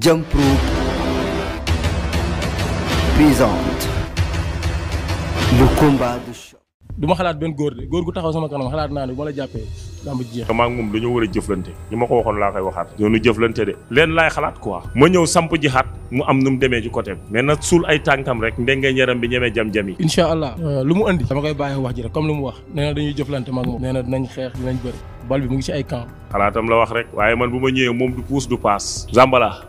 Jumproot présente le combat du choc. du ma xalaat benn góor de góor gu taxaw sama kanam xalaat naa ne bu ma la jàppee daa jeex. maa ngi moom dañoo war a jëflante li ma ko waxoon laa koy waxaat. ñoo nu jëflante de. leen laay xalaat quoi. ma ñëw samp ji xaat mu am nu mu demee ci côté bi. mais nag suul ay tànkam rek ndenge ñaram bi ñemee jam-jam yi. incha allah euh, lu mu indi dama koy bàyyi wax ji rek comme lu mu wax nee na dañuy jëflante ma moom. nee na dinañ xeex dinañ bëri bal bi mu ngi ci xalaatam la wax rek. waaye man bu ma ñëwee moom du puus du paas. Zambala.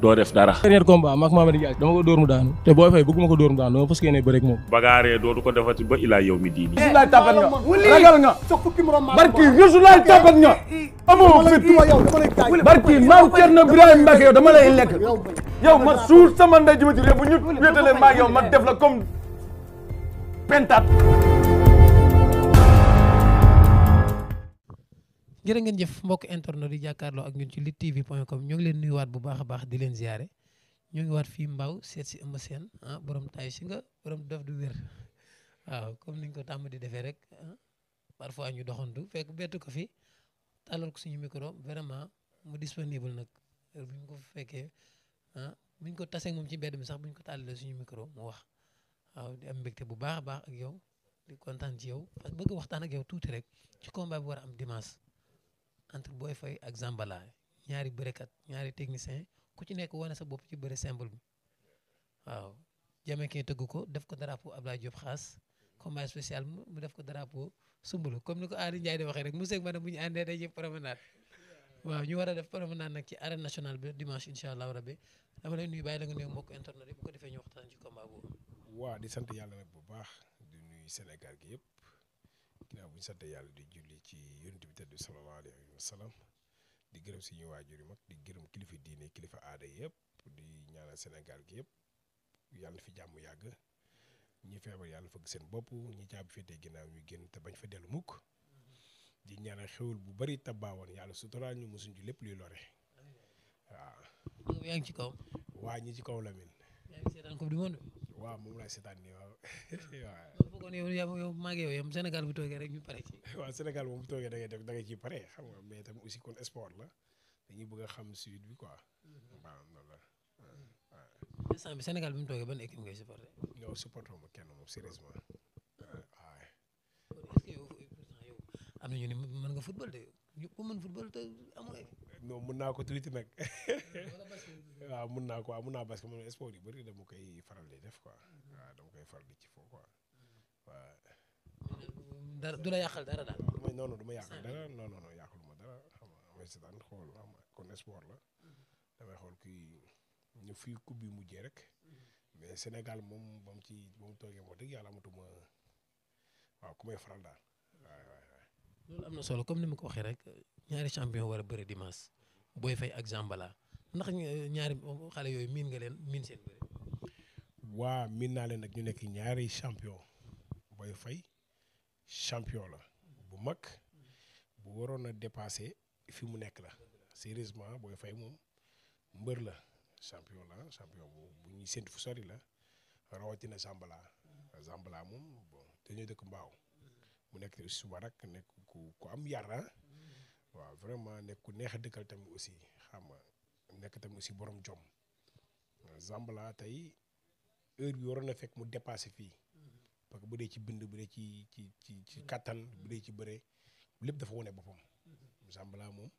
doo def dara. dernier combat maak Mamady Diagne dama ko dóor mu daanu te booy fay bëgguma ko dóor mu daanu dama fas yéene bëreeg moom. bagaaree dootu ko defati ba ilaa yow mi diini. bisimilah tapet nga ragal nga. barki bisimilah tapet nga. amoo fit barki maam Thierno Birahim yow dama lay lekk. yow ma suur sama ndey ji ma ci réew bu ñu wéetalee maa yow ma def la comme pentat. jërë ngeen jëf mbokk internet yi jàkkaarloo ak ñu ci lutte tv point com ñoo ngi leen nuyuwaat bu baax a baax di leen ziare ñoo ngi waat fii Mbaaw seet si Eumeu Sène ah borom taay si nga borom daf du wér waaw comme niñ ko tàmm di defee rek ah, parfois ñu doxantu fekk bettu ko fi tàllal ko suñu micro vraiment mu disponible nag bu ñu ko fekkee ah bu ko tasee moom ci bedd mi sax bu ñu ko tàllalee suñu micro mu wax waaw di am mbégte bu baax a baax ak yow di kontaan ci yow parce bëgg waxtaan ak yow tuuti rek ci combat bi war a am dimanche. entre Boy Faye ak Zambala ñaari bërekat ñaari technicien ku ci nekk wane sa bopp ci bëre simple bi waaw Jamaïcain tëgg ko def ko drapeau Abdoulaye Diop xaas combat spécial mu def ko drapeau Sumbulu comme ni ko Aliou Ndiaye di waxee rek mu seeg ma ne bu ñu àndee dañuy promenade waaw ñu war a def promenade nag ci arène nationale bi dimanche incha allah rabbi dama lay bàyyi la nga nuyu mbokk internet yi bu ko defee ñu waxtaan ci combat boobu. waa di sant yàlla nag bu baax di nuyu gi yëpp. ginnaaw bu ñu sant yàlla di julli ci yonent bi tedd bi sallallahu di gërëm suñu waajur yu mag di gërëm kilifa diine kilifa aada yëpp di ñaanal Sénégal gi yëpp fi jàmm yàgg ñi feebar yàlla fëgg seen bopp ñi caabi féetee ginnaaw ñu génn te bañ fa dellu mukk di xewul bu bari tabaawoon yàlla suturaal ñu mosuñ ci lépp luy lore ci kaw. waa ñi ci kaw moom laa seetaan nii waaw. kon yow yow maa ngi yow yam bu toogee rek ñu pare ci. waaw Sénégal moom bu toogee da ngay def da ngay ciy pare xam nga mais tamit aussi bëgg a xam suite bi quoi. Mm-hmm. waaw loolu la waaw. instant bi Sénégal bi mu toogee ban équipe ngay supporté. non supporté ma kenn moom sérieusement waaw. est nañu ne mën nga football de ñu ko mën football te naa ko tuuti nag waaw mën naa ko waaw mën naa parce que man sport yu bëri dama koy faral di def quoi waaw mm-hmm. dama koy faral di ci foofu quoi. dara du la yàqal dara daal. mooy noonu du ma dara non xam nga xool xam nga kon sport la damay xool kii ñu fii coupe bi rek mais Sénégal moom ba ci ba yàlla amatuma waaw ku may faral loolu am na solo comme ni ma ko waxee rek ñaari champion war a bëre dimanche Boy Faye ak Zambala ndax ñaari xale yooyu miin nga leen miin seen waa miin naa leen nag ñu nekk ñaari champion. Boy fay champion la bu mag bu waroon a dépasé fi mu nekk la sérieusement Boy fay moom mbër la champion la champion bu bu ñuy séntu fu sori la rawatina Zambala Zambala moom bon dañoo dëkk mbaaw mu nekk suba rek nekk ku ku am yar ah. waaw vraiment nekk ku neex a dëkkal tamit aussi xam nga nekk tamit aussi borom jom Zambala tey heure bi waroon a fekk mu dépassé fii parce que bu dee ci bind bu dee ci ci ci ci kattan bu dee ci bëre lépp dafa wane boppam. Moussa Mbala moom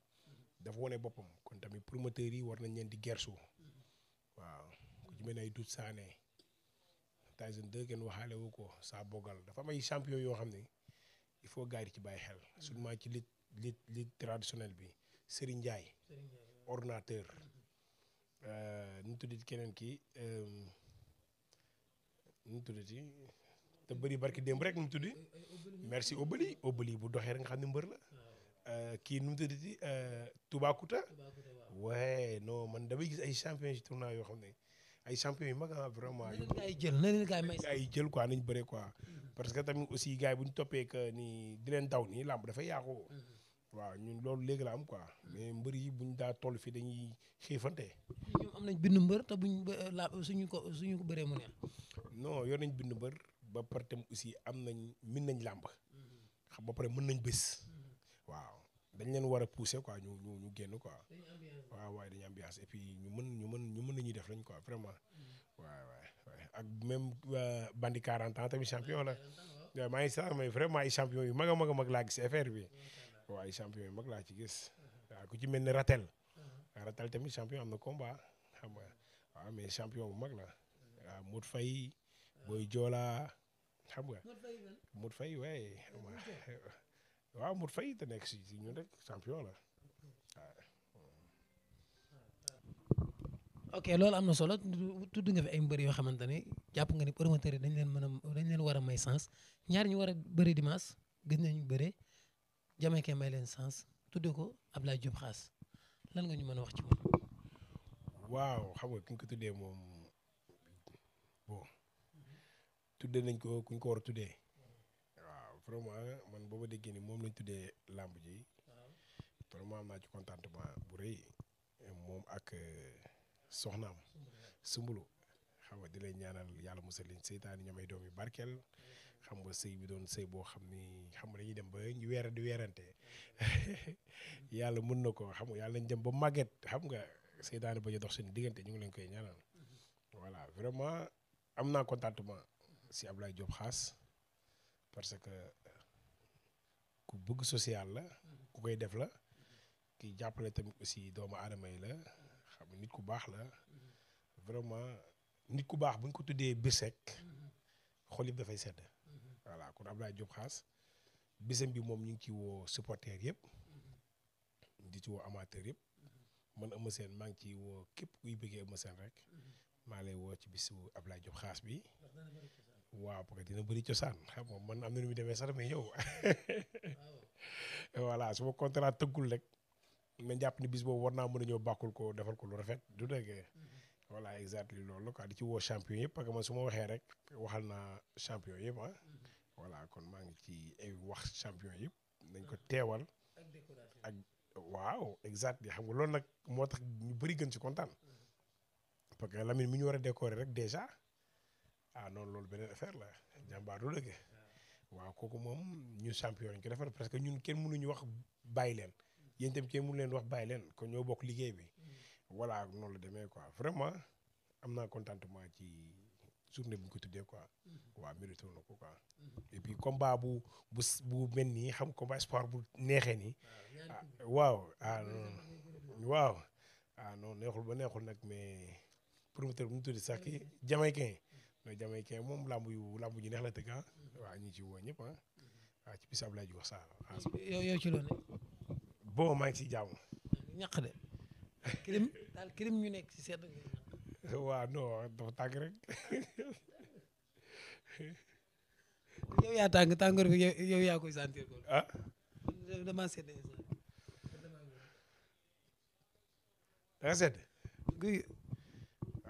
dafa wane boppam kon tamit promoteurs yi war nañ leen di gersu waaw ku ci mel ne ay Doudou Sané Tyson 2 kenn waxaale wu ko saa bogal dafa may ay champion yoo xam ne il faut gars yi ci bàyyi xel. seulement ci lit lit lit traditionnel bi Serigne Ndiaye. ordinateur. nu mu keneen ki nu mu tuddati te bëri barki démb rek nu mu tuddi merci Obali Obali bu doxee rek nga xam ne mbër la. Euh, kii nu mu tuddati euh, Toubacouta. waaye non man damay gis ay champion ci tournoi yoo xam ne ay champion yu mag ah vraiment. yu bëri jël na leen gars yi may ay jël quoi nañ bëree quoi. Mm-hmm. parce que tamit aussi gars yi bu ñu toppee que ni di leen daw nii làmb dafa yaaxoo. Mm-hmm. waaw ñun loolu léegi la am quoi. mais mbër yi ñu daa toll fii dañuy xiifante. ñoom am nañ bind mbër te ñu euh, la suñu ko suñu ko bëree mu neex. non yor nañ bind ba pare tam aussi am nañ mën nañ làmb xam ba pare mën nañ bés waaw dañ leen war a pousser quoi ñu ñu ñu génn quoi waaw waaye dañ ambiance et puis ñu mën ñu mën ñu mën nañuy def lañ ko vraiment waaw mm. waaw ak même euh, bandi 40 ans tamit champion la maa ngi sax mais vraiment ay champion yu mag a mag a mag laa gis affaire bi waaw ay champion yu mag laa ci gis uh-huh. waaw ku ci mel ne Ratel uh-huh. Ratel tamit champion am na combat xam nga waaw champion bu mag la uh-huh. waaw Modou Boy Joola xam nga. Modou Faye waaye waaw Modou Faye te nekk si si ñun rek champion la waaw. ok loolu am na solo tudd nga fi ay mbër yoo xamante ne jàpp nga ni promoteur yi dañ leen mën a dañ leen war a may sens ñaar ñu war a bëri dimanche gën nañu bëre Jamaïcain may leen sens tuddee ko Abdoulaye Diop Xaas lan nga ñu mën a wax ci moom. waaw xam nga ki nga ko tuddee tuddee nañ ko kuñ ko war a tuddee mm. waaw vraiment man booba déggee ni moom lañ tuddee làmb ji vraiment am naa ci contentement bu moom ak euh, soxnaam sumbulu xam nga di lay ñaanal yàlla musal leen seytaane ñoom ay doom yu barkeel mm-hmm. xam nga sëy bi doon sëy boo xam ni xam nga dem ba ñu weer di weerante mm-hmm. yàlla mën na ko xam yàlla nañ dem ba màgget xam nga seytaane ba ñu diggante ñu ngi leen koy ñaanal mm-hmm. voilà vraiment am naa contentement si Ablaye Diop xaas parce que ku bëgg social la ku koy def la ki jàppale tamit aussi doomu aadama yi la xam nit ku baax la vraiment nit ku baax bu ñu ko tuddee bés rek xol yëpp dafay sedd voilà kon Ablaye Diop xaas bésam bi moom ñu ngi ci woo supporter yëpp di ci woo amateur yëpp man Eumeu Sène maa ngi ci woo képp kuy bëggee Eumeu Sène rek maa lay woo ci bisu Ablaye Diop xaas bi waaw parce dina bëri cosaan xam nga man am na nu muy demee sax mais yow voilà su ma contrat tëggul rek ma jàpp ni bis boobu war naa mën a ñëw bàkkul ko defal ko lu rafet du dëgg voilà exactement loolu la quoi di ci woo champion yëpp parce que man su ma waxee rek waxal naa champion yëpp ah voilà kon maa ngi ci ay wax champion yëpp nañ ko teewal ak waaw exact xam nga loolu nag moo tax ñu bëri gën ci kontaan parce que Lamine mi ñu war a décorer rek déjà ah noonu loolu beneen affaire la jàmbaar du dëgg. waaw kooku moom ñu champion ñu ko defar parce que ñun kenn ñu wax bàyyi leen. yéen itam kenn mënu leen wax bàyyi leen kon ñoo bokk liggéey bi. Mm. voilà noonu la demee quoi vraiment am naa contentement ci journée bu ñu ko tuddee quoi. Mm-hmm. waaw mérité na ko quoi. Mm-hmm. et puis combat bu bu bu mel nii xam combat espoir bu neexee ni ah, waaw ah non waaw ah non neexul ba neexul nag mais promoteur bu ñu tuddee sax mm-hmm. mais jamaïcain moom làmb yu làmb ji la tëgg ah. waaw ñu ngi ci woo ñëpp ah. ci bis Abdoulaye Diouf Sarr. Ah. yow yow ci loolu. bon maa ngi ciy jàmm. ñaq de. kirim ñu nekk ci sedd. waaw non dafa tàng yaa tàng tàngoor bi yow yaa koy sentir ko. ah. damaa sedd. da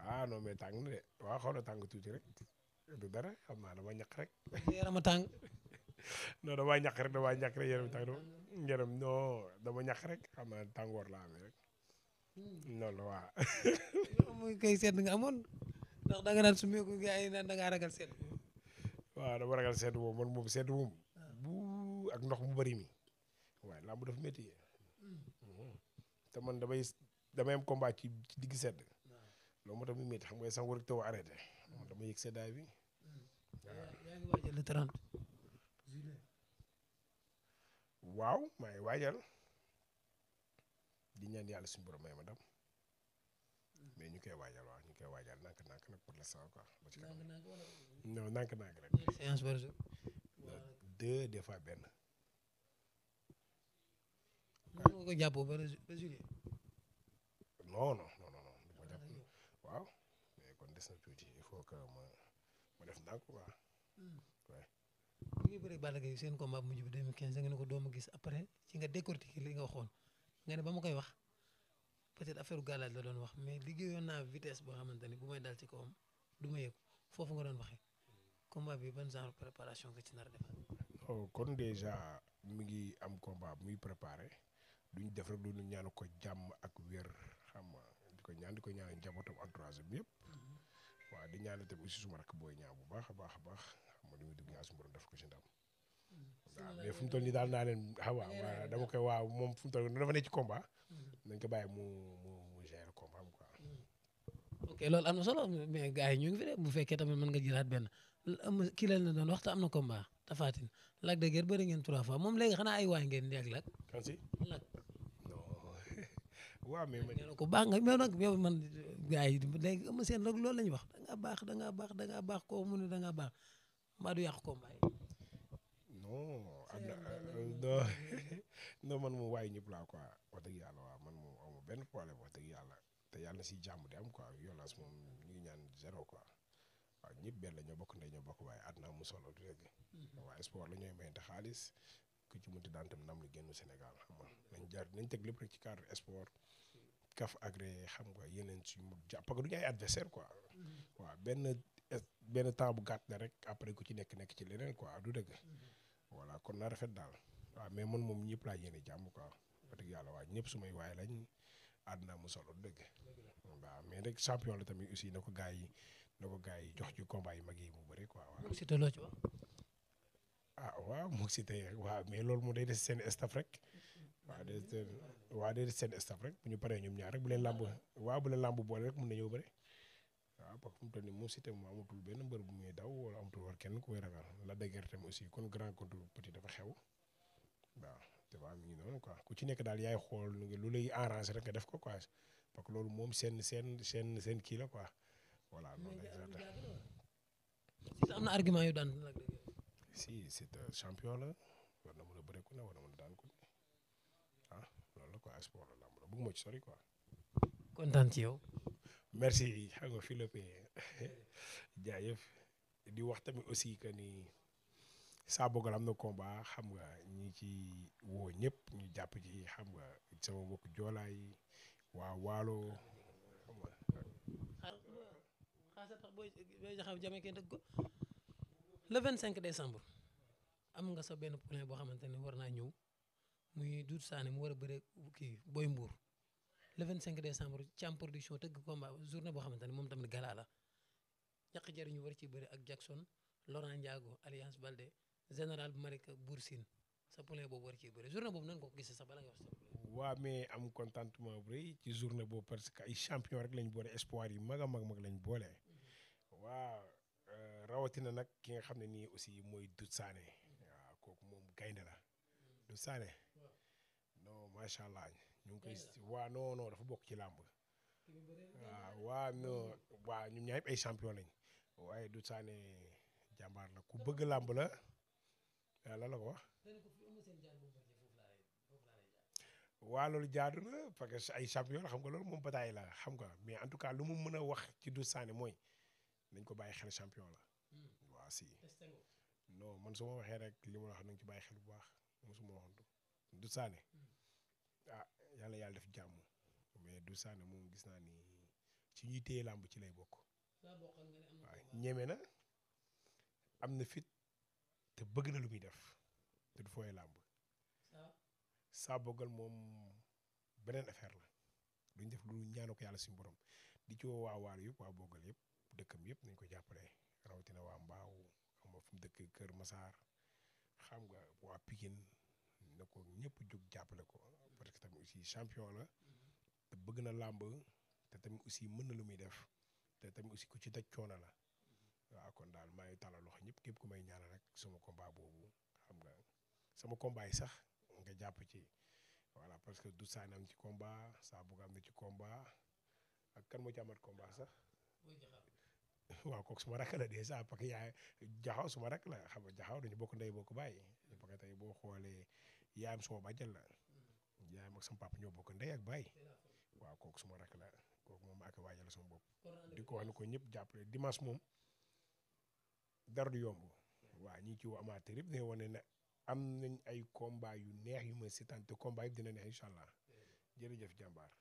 ah non mais tàng na de waaw xaw tàng tuuti rek du dara xam naa dama ñaq rek. yarama tàng. non damaa ñaq rek damaa ñaq rek yaram tàng yaram non dama ñaq rek xam naa tàngoor laa amee rek. non hmm. la waaw. muy kay sedd nga amoon ndax danga naan su ma yeeku gars naan dangaa ragal sedd. waaw ragal sedd moom man moom sedd moom. Ah. bu ak ndox mu bëri mi. waaye làmb dafa métti. Hmm. Hmm. te damay damay am combat ci ci digg sedd. loo moo tax mu métti xam nga sax war taw arrêté moom dama yëg seddaay bi waaw. yaa ngi waajal le 30 juillet. di ñaan yàlla suñu borom may ma dam mais ñu koy waajal waaw ñu koy waajal nànk-nànk nag pour l'instant quoi. ba ci kanam non nànk-nànk rek. séance par jour. deux benn. waaw ba juillet. non waaw mais kon des na tuuti il faut que ma ma def ndànk quoi. waaye. Hmm. bu ñuy bëreeg Balla Gaye seen combat mujj bi 2015 nga ne ko dooma gis après ci nga décortiquer li nga waxoon nga ne ba ma koy wax peut-être affaire gàllaaj la doon wax mais liggéeyoon naa vitesse boo xamante ni bu may dal ci kawam du ma yëg foofu nga doon waxee combat bii ban genre préparation nga ci nar a defal. Oh, kon déjà mi ngi am combat muy préparé duñ def rek lu ñu ñaanu ko jàmm ak wér koy ñaan di koy ñaanal njabootam entourage bi yëpp. Mm-hmm. waaw di ñaanal tamit aussi suma rakk booy ñaaw bu baax a baax a baax xam nga li muy dugg yàlla su ma doon def ko si ndam. Mm-hmm. waaw mais fu mu toll nii daal naa leen ah waaw dama koy waaw moom fu mu toll nii dafa nekk ci combat. Mm-hmm. nañ ko bàyyi mu mu mu gérer solo mais gars yi fi de bu fekkee tamit mën nga jëlaat benn kii lañ la doon wax te am na combat Tapha Tine Lac de Guiers moom léegi xanaa ay waay ngeen di ak Lac. waaw mais man ko baax nga mais nag yow man gars yi léegi Eumeu Sène rek loolu la ñuy wax da ngaa baax da ngaa baax da ngaa baax koo mu ne da ngaa baax mbaa du yàq combat yi. non am na non man moom waaye ñëpp laa quoi wax dëgg yàlla waaw man moom amu benn problème wax dëgg yàlla te yàlla na si jàmm di am quoi violence moom ñu ngi ñaan zéro quoi waaw ñëpp benn la ñoo bokk ndey ñoo bokk waaye at naa mu solo du dëgg. Mm-hmm. waaye sport la ñooy mayante xaalis ko ci munti daan tam ndam lu génn Sénégal xam nañ jaar nañ teg lépp rek ci cadre sport kaf agré xam nga yeneen suñu mag jàpp parce du ñu ay adversaire quoi mm-hmm. waaw benn benn temps bu gàtt la rek après ku ci nekk nekk ci leneen quoi du dëgg mm-hmm. voilà kon na rafet daal waaw mais man moom ñëpp laa yéene jàmm quoi wax yàlla waa ñëpp sumay waay lañ àddina mu solo dëgg waaw mais rek champion la tamit aussi na ko gars yi na ko gars yi jox ci combat yi mag yi mu bëri quoi waaw ah waaw moog si tey rek waaw mais loolu moom day des seen staff rek waaw day des seen staff rek bu ñu paree ñoom ñaar rek bu leen làmb waaw bu leen làmb boole rek mun na ñëw bëre waaw parce que mu toll nii moom si tamit amatul benn mbër bu kenn ku koy ragal la dëgër tamit aussi kon grand contre petit dafa xew waaw te waaw mi ngi noonu quoi ku ci nekk daal yaay xool lu lay arrangé rek nga def ko quoi parce que loolu moom seen seen seen seen kii la quoi voilà. loolu la am na argument yu daan si Siteu champion la war na mën a bëre ku ne war na mën a daan ku ne loolu la quoi sport la làmb la bëgguma ci sori quoi. kontaan ci yow. merci xam nga Philippe jaajëf di wax tamit aussi que ni saa bëgg am na combat xam nga ñi ci woo ñëpp ñu jàpp ci xam nga sama mbokk joolaay waa waalo xam nga. le 25 décembre am nga sa benn poulain boo xamante ne war naa ñëw muy Doudou Sané mu war a bëre kii Boy Mbour le 25 décembre Thiam production tëgg combat journée boo xamante ne moom tamit gala la ñaq jariñu war ci bëri ak Jackson Laurent Ndiago Alliance Baldé général Malika Bour Sine sa poulain boobu war ci bëri journée boobu nan ko gisee sa bala nga wax sax. waa mais am contentement bu rëy ci journée boobu parce que ay champion rek lañ boole espoir yi mag a mag mag lañ boole mm-hmm. rawatina nag ki nga xam ne nii aussi mooy du saane waaw kooku moom gaynde la du Sané non macha allah ñu ngi koy dafa bokk ci làmb waa non waa ñun ay champion lañ waaye Doudou Sané jàmbaar la ku bëgg làmb la ko wax. waa loolu jaadu na parce que ay champion la xam nga loolu moom bataay la xam nga mais en tout cas lu mu mën a wax ci Doudou Sané mooy nañ ko bàyyi xel champion la. si. non man su waxee rek li ma la wax na nga ci bàyyi xel bu baax mosuma waxantu du saane hmm. ah, yàlla yàlla def jàmm mais du saane moom gis naa ni ci ñuy téye làmb ci lay bokk. waaw na am na fit te bëgg na lu muy def te du fooyee làmb. saa boggal moom beneen affaire la duñ def lu ñaanoo ko yàlla suñu borom di ci woo waa yëpp waa boggal yëpp dëkkam yëpp nañ ko jàppale. rawatina waa mbaaw xam nga fu mu dëkk Kër Masaar xam nga waa Pikine na ko ñëpp jug jàppale ko parce que tamit aussi champion la te bëgg na làmb te tamit aussi mën na lu muy def te tamit aussi ku ci daj coono la waaw kon daal maa ngi tàllal loxo ñëpp képp ku may ñaanal rek sama combat boobu xam nga sama combat yi sax nga jàpp ci voilà parce que du saanam ci combat saa bugg am na ci combat ak kan moo ci amat combat sax. waaw kooku suma rakk la dèjà parce que yaa jaxaw su rakk la xam nga jaxaw dañu bokk ndey bokk bàyyi parce tey boo xoolee yaayam suma bàjjal la yaayam ak sama papa ñoo bokk ndey ak bàyyi waaw kooku suma rakk la kooku moom ak waajal sama bopp di ko wax ne ko ñëpp jàppale dimanche moom dara du yomb waaw ñi ci woo amateur yëpp ne wane ne am nañ ay combat yu neex yu ma si tante combat yëpp dina neex incha allah jërëjëf jàmbaar